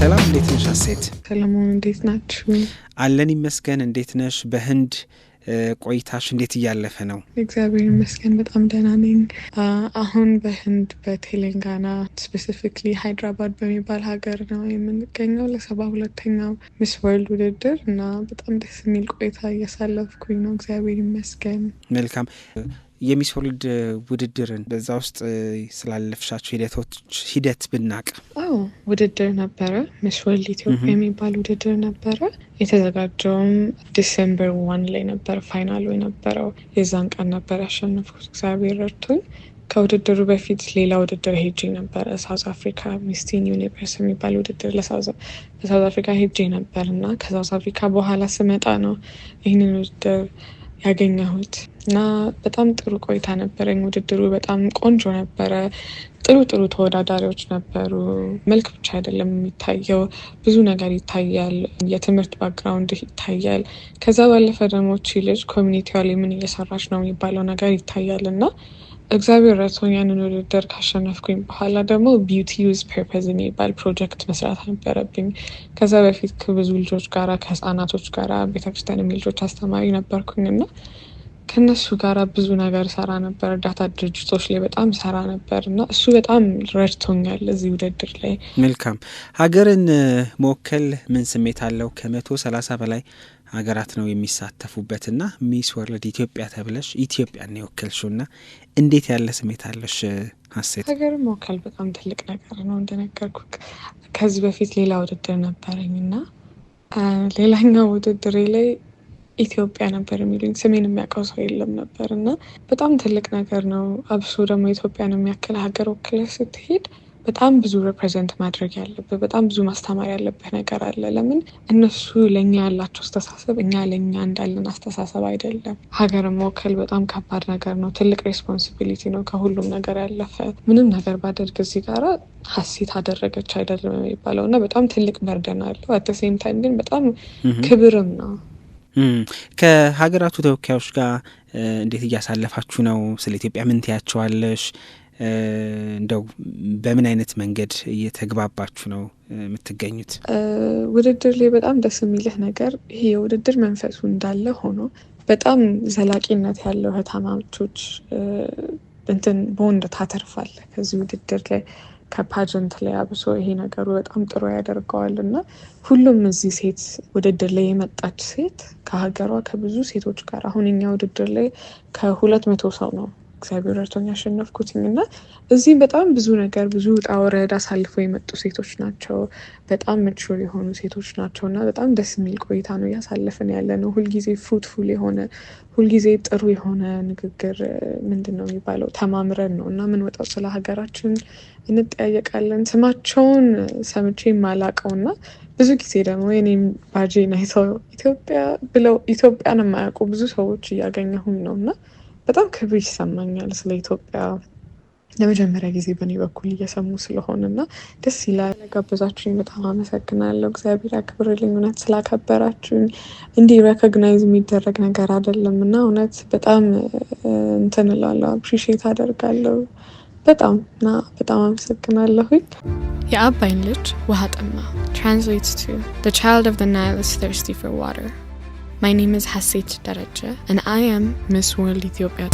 ሰላም፣ እንዴት ነሽ አሴት? ሰለሞን፣ እንዴት ናችሁ? አለን ይመስገን። እንዴት ነሽ? በህንድ ቆይታሽ እንዴት እያለፈ ነው? እግዚአብሔር ይመስገን በጣም ደህና ነኝ። አሁን በህንድ በቴሌንጋና ስፔሲፊክሊ ሃይድራባድ በሚባል ሀገር ነው የምንገኘው ለሰባ ሁለተኛው ሚስ ወርልድ ውድድር እና በጣም ደስ የሚል ቆይታ እያሳለፍኩኝ ነው። እግዚአብሔር ይመስገን። መልካም የሚስ ወርልድ ውድድርን በዛ ውስጥ ስላለፍሻቸው ሂደቶች ሂደት ብናቅ። አዎ ውድድር ነበረ። ሚስ ወርልድ ኢትዮጵያ የሚባል ውድድር ነበረ። የተዘጋጀውም ዲሴምበር ዋን ላይ ነበረ ፋይናሉ የነበረው። የዛን ቀን ነበር ያሸነፍኩት እግዚአብሔር ረድቶኝ። ከውድድሩ በፊት ሌላ ውድድር ሄጄ ነበረ። ሳውዝ አፍሪካ ሚስቲን ዩኒቨርስ የሚባል ውድድር በሳውዝ አፍሪካ ሄጄ ነበር እና ከሳውዝ አፍሪካ በኋላ ስመጣ ነው ይህንን ውድድር ያገኘሁት እና በጣም ጥሩ ቆይታ ነበረኝ። ውድድሩ በጣም ቆንጆ ነበረ። ጥሩ ጥሩ ተወዳዳሪዎች ነበሩ። መልክ ብቻ አይደለም የሚታየው፣ ብዙ ነገር ይታያል። የትምህርት ባክግራውንድ ይታያል። ከዛ ባለፈ ደግሞ ቺ ልጅ ኮሚኒቲዋ ላይ ምን እየሰራች ነው የሚባለው ነገር ይታያል እና እግዚአብሔር ረድቶኝ ያንን ውድድር ካሸነፍኩኝ በኋላ ደግሞ ቢዩቲ ዩዝ ፐርፐዝ የሚባል ፕሮጀክት መስራት ነበረብኝ። ከዛ በፊት ከብዙ ልጆች ጋራ ከህፃናቶች ጋር ቤተክርስቲያን ልጆች አስተማሪ ነበርኩኝ እና ከእነሱ ጋራ ብዙ ነገር ሰራ ነበር። እርዳታ ድርጅቶች ላይ በጣም ሰራ ነበር እና እሱ በጣም ረድቶኛል እዚህ ውድድር ላይ። መልካም ሀገርን መወከል ምን ስሜት አለው? ከመቶ ሰላሳ በላይ ሀገራት ነው የሚሳተፉበትና ሚስ ወርልድ ኢትዮጵያ ተብለሽ ኢትዮጵያ ነው የወከልሽው ና እንዴት ያለ ስሜት አለሽ ሀሴት? ሀገር መወከል በጣም ትልቅ ነገር ነው። እንደነገርኩ ከዚህ በፊት ሌላ ውድድር ነበረኝ እና ሌላኛው ውድድሬ ላይ ኢትዮጵያ ነበር የሚሉኝ ስሜን የሚያውቀው ሰው የለም ነበር እና በጣም ትልቅ ነገር ነው። አብሶ ደግሞ ኢትዮጵያን የሚያክል ሀገር ወክለ ስትሄድ በጣም ብዙ ሬፕሬዘንት ማድረግ ያለብህ በጣም ብዙ ማስተማር ያለብህ ነገር አለ። ለምን እነሱ ለእኛ ያላቸው አስተሳሰብ እኛ ለእኛ እንዳለን አስተሳሰብ አይደለም። ሀገር መወከል በጣም ከባድ ነገር ነው። ትልቅ ሬስፖንሲቢሊቲ ነው። ከሁሉም ነገር ያለፈ ምንም ነገር ባደርግ እዚህ ጋራ ሀሴት አደረገች አይደለም የሚባለው እና በጣም ትልቅ መርደን አለው። አተሴም ታይም ግን በጣም ክብርም ነው። ከሀገራቱ ተወካዮች ጋር እንዴት እያሳለፋችሁ ነው? ስለ ኢትዮጵያ ምን ትያቸዋለሽ? እንደው በምን አይነት መንገድ እየተግባባችሁ ነው የምትገኙት? ውድድር ላይ በጣም ደስ የሚልህ ነገር ይሄ የውድድር መንፈሱ እንዳለ ሆኖ በጣም ዘላቂነት ያለው ህታማቾች እንትን በወንድ ታተርፋለ ከዚህ ውድድር ላይ ከፓጀንት ላይ አብሶ ይሄ ነገሩ በጣም ጥሩ ያደርገዋል እና ሁሉም እዚህ ሴት ውድድር ላይ የመጣች ሴት ከሀገሯ ከብዙ ሴቶች ጋር አሁን እኛ ውድድር ላይ ከሁለት መቶ ሰው ነው እግዚአብሔር ረድቶኝ ያሸነፍኩትኝ እና እዚህ በጣም ብዙ ነገር ብዙ ውጣ ውረድ አሳልፈው የመጡ ሴቶች ናቸው። በጣም ምቹር የሆኑ ሴቶች ናቸው እና በጣም ደስ የሚል ቆይታ ነው እያሳለፍን ያለ ነው። ሁልጊዜ ፍሩትፉል የሆነ ሁልጊዜ ጥሩ የሆነ ንግግር ምንድን ነው የሚባለው ተማምረን ነው እና ምን ወጣው ስለ ሀገራችን እንጠያየቃለን። ስማቸውን ሰምቼ የማላቀው እና ብዙ ጊዜ ደግሞ የኔም ባጄን አይተው ኢትዮጵያ ብለው ኢትዮጵያን የማያውቁ ብዙ ሰዎች እያገኘሁም ነው እና በጣም ክብር ይሰማኛል ስለ ኢትዮጵያ ለመጀመሪያ ጊዜ በእኔ በኩል እየሰሙ ስለሆነ እና ደስ ይላል። ለጋበዛችሁኝ በጣም አመሰግናለሁ። እግዚአብሔር ያክብርልኝ። እውነት ስላከበራችሁኝ እንዲህ ሬኮግናይዝ የሚደረግ ነገር አይደለም እና እውነት በጣም እንትን እላለሁ፣ አፕሪሼት አደርጋለሁ በጣም እና በጣም አመሰግናለሁኝ። የአባይን ልጅ ውሃ ጠማ ትራንስሌትስ ቱ ቻይልድ ኦፍ ናይል ኢዝ ተርስቲ ፎር ዋተር My name is Hasit Daraja, and I am Miss World Ethiopia.